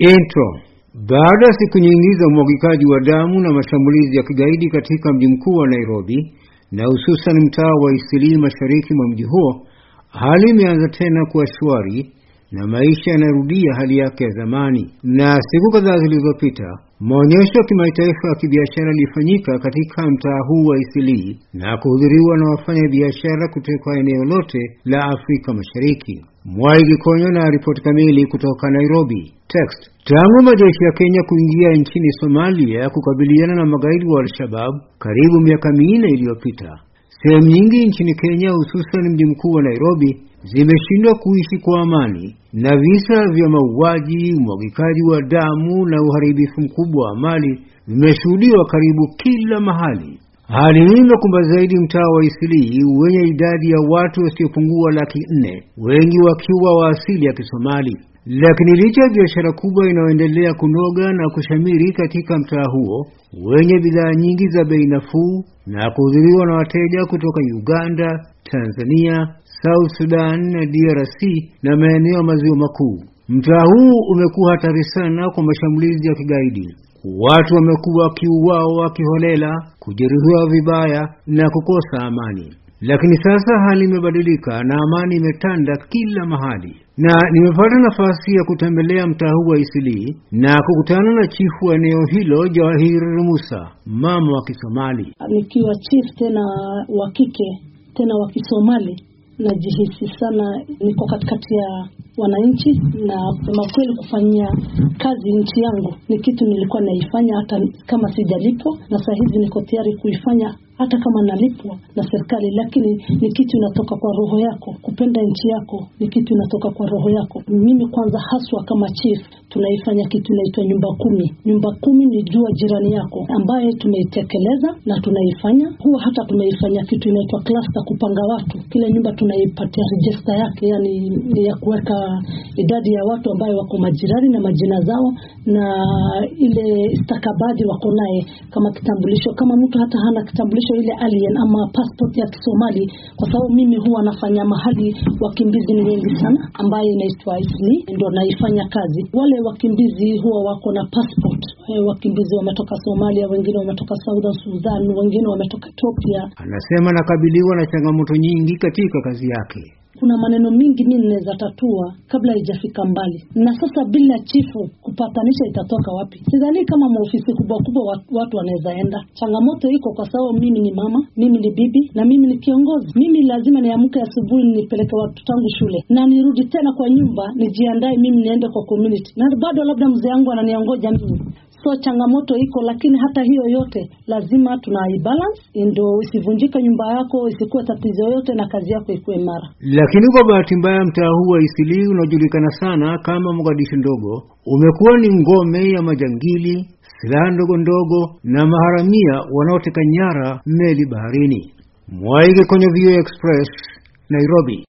Intro. Baada ya siku nyingi za umwagikaji wa damu na mashambulizi ya kigaidi katika mji mkuu wa Nairobi na hususan mtaa wa Isilii mashariki mwa mji huo, hali imeanza tena kuwa shwari na maisha yanarudia hali yake ya zamani. Na siku kadhaa zilizopita, maonyesho ya kimataifa ya kibiashara yalifanyika katika mtaa huu wa Isilii na kuhudhuriwa na wafanya biashara kutoka eneo lote la Afrika Mashariki. Mwai Gikonyo na ripoti kamili kutoka Nairobi. Text. Tangu majeshi ya Kenya kuingia nchini Somalia kukabiliana na magaidi wa Al-Shabab karibu miaka minne iliyopita, sehemu nyingi nchini Kenya hususan mji mkuu wa Nairobi zimeshindwa kuishi kwa amani na visa vya mauaji, umwagikaji wa damu na uharibifu mkubwa wa mali vimeshuhudiwa karibu kila mahali. Hali hii imekumba zaidi mtaa wa Isilii wenye idadi ya watu wasiopungua laki nne, wengi wakiwa wa asili ya Kisomali. Lakini licha ya biashara kubwa inayoendelea kunoga na kushamiri katika mtaa huo wenye bidhaa nyingi za bei nafuu na kuhudhuriwa na wateja kutoka Uganda, Tanzania, South Sudan, na DRC na maeneo ya maziwa makuu, mtaa huu umekuwa hatari sana kwa mashambulizi ya kigaidi. Watu wamekuwa wakiuawa wakiholela, kujeruhiwa vibaya na kukosa amani. Lakini sasa hali imebadilika na amani imetanda kila mahali, na nimepata nafasi ya kutembelea mtaa huu wa isili na kukutana na chifu wa eneo hilo Jawahir Musa, mama wa Kisomali. Nikiwa chief tena wa kike tena wa Kisomali, najihisi sana niko katikati ya wananchi, na kusema kweli, kufanyia kazi nchi yangu ni kitu nilikuwa naifanya hata kama sijalipo, na saa hizi niko tayari kuifanya hata kama nalipwa na serikali, lakini ni kitu inatoka kwa roho yako. Kupenda nchi yako ni kitu inatoka kwa roho yako. Mimi kwanza, haswa kama chief, tunaifanya kitu inaitwa nyumba kumi. Nyumba kumi ni jua jirani yako, ambaye tumeitekeleza na tunaifanya. Huwa hata tumeifanya kitu inaitwa cluster, kupanga watu. Kila nyumba tunaipatia register yake, yani ya kuweka idadi ya watu ambayo wako majirani na majina zao na ile stakabadhi wako naye, kama kitambulisho. Kama mtu hata hana kitambulisho kitambulisho ile alien ama passport ya Kisomali, kwa sababu mimi huwa nafanya mahali wakimbizi ni wengi sana, ambayo inaitwa ISLI e, ndio naifanya kazi. Wale wakimbizi huwa wako na passport eh, wakimbizi wametoka Somalia, wengine wametoka South Sudan, wengine wametoka Ethiopia. Anasema anakabiliwa na changamoto nyingi katika kazi yake kuna maneno mingi mimi ninaweza tatua kabla haijafika mbali. Na sasa bila chifu kupatanisha itatoka wapi? Sidhani kama maofisi kubwa kubwa watu wanaweza enda. Changamoto iko kwa sababu mimi ni mama, mimi ni bibi na mimi ni kiongozi. Mimi lazima niamke asubuhi nipeleke watu tangu shule na nirudi tena kwa nyumba nijiandae, mimi niende kwa community, na bado labda mzee yangu ananiongoja mimi iko changamoto iko, lakini hata hiyo yote lazima balance, ndio isivunjike nyumba yako, isikuwe tatizo yote na kazi yako ikuwe imara. Lakini kwa bahati mbaya, mtaa huu wa Isili unaojulikana sana kama Mogadishu ndogo umekuwa ni ngome ya majangili, silaha ndogo ndogo na maharamia wanaoteka nyara meli baharini. Mwaige kwenye Vio Express, Nairobi.